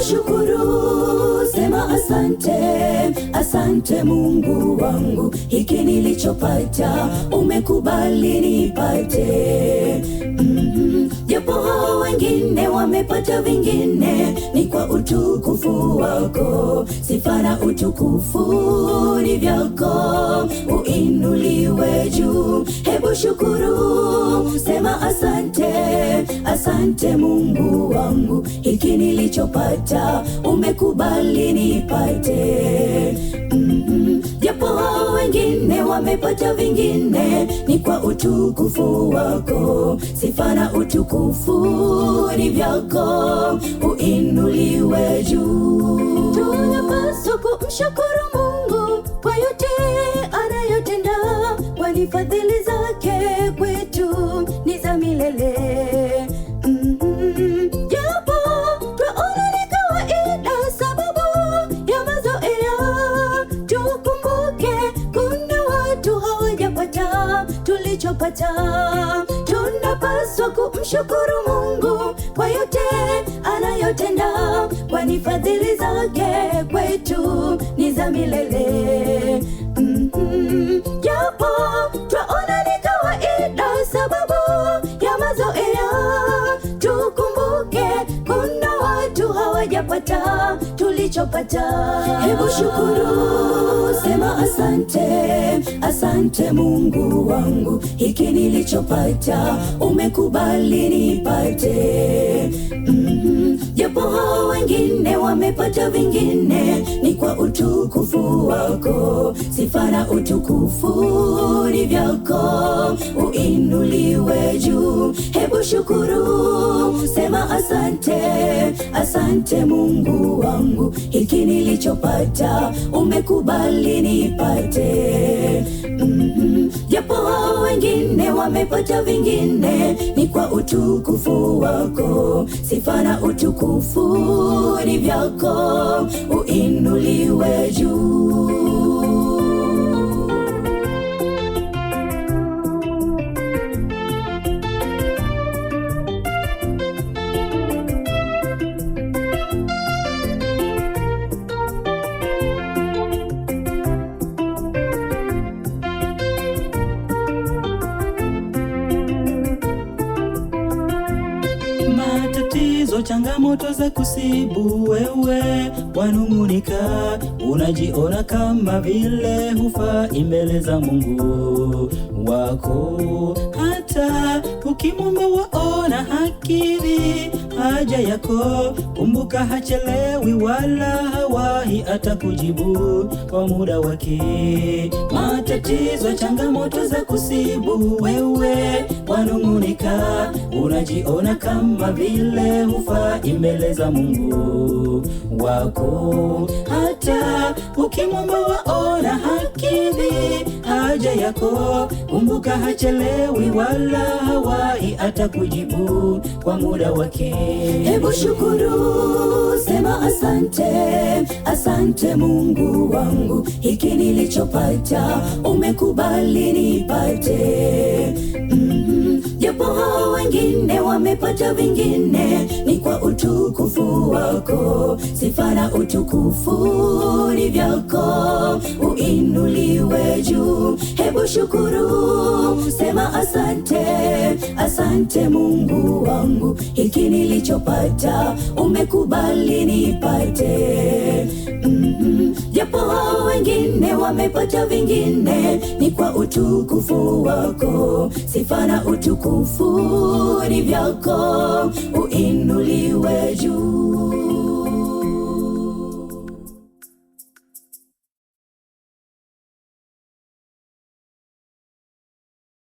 kushukuru, sema asante, asante Mungu wangu, hiki nilichopata umekubali nipate, mm -hmm. wengine wamepata vingine ni kwa utukufu wako. Sifa na utukufu ni vyako, uinuliwe juu. Hebu shukuru, sema asante, asante Mungu wangu, hiki nilichopata umekubali nipate mm-hmm. japo mm Wengine wamepata vingine, ni kwa utukufu wako. Sifa na utukufu ni vyako, uinuliwe juu. Tunapaswa kumshukuru Mungu kwa yote anayotenda, kwa fadhili tumepata. Tunapaswa kumshukuru Mungu kwa yote anayotenda, kwani fadhili zake kwetu ni za milele. mm -hmm. ulichopata. Hebu shukuru, sema asante, asante Mungu wangu, hiki nilichopata umekubali nipate. Mm, -hmm. hao wengine wamepata vingine, ni kwa utukufu wako. Sifa na utukufu ni vyako, uinuliwe juu. Hebu shukuru, sema asante Asante Mungu wangu, hiki nilichopata umekubali nipate. mm -hmm. Japo wengine wamepata vingine, ni kwa utukufu wako. Sifa na utukufu ni vyako, uinuliwe juu hizo changamoto za kusibu wewe wanung'unika, unajiona kama vile hufai mbele za Mungu wako hata ukimwomba waona hakiri haja yako. Kumbuka hachelewi wala hawahi, atakujibu kwa muda wake. Matatizo, changamoto za kusibu wewe wanung'unika, unajiona kama vile hufai mbele za Mungu wako, hata ukimwomba waona hakiri hoja yako. Kumbuka hachelewi wala hawai, atakujibu kwa muda wake. Hebu shukuru, sema asante, asante Mungu wangu, hiki nilichopata umekubali nipate mm-hmm. japo mm -hmm. hao wengine wamepata vingine, ni kwa utukufu wako. Sifa na utukufu ni vyako uinuliwe juu. Hebu shukuru, sema asante, asante Mungu wangu, hiki nilichopata umekubali nipate mm -mm. Japo wengine wamepata vingine, ni kwa utukufu wako. Sifa na utukufu ni vyako, uinuliwe juu.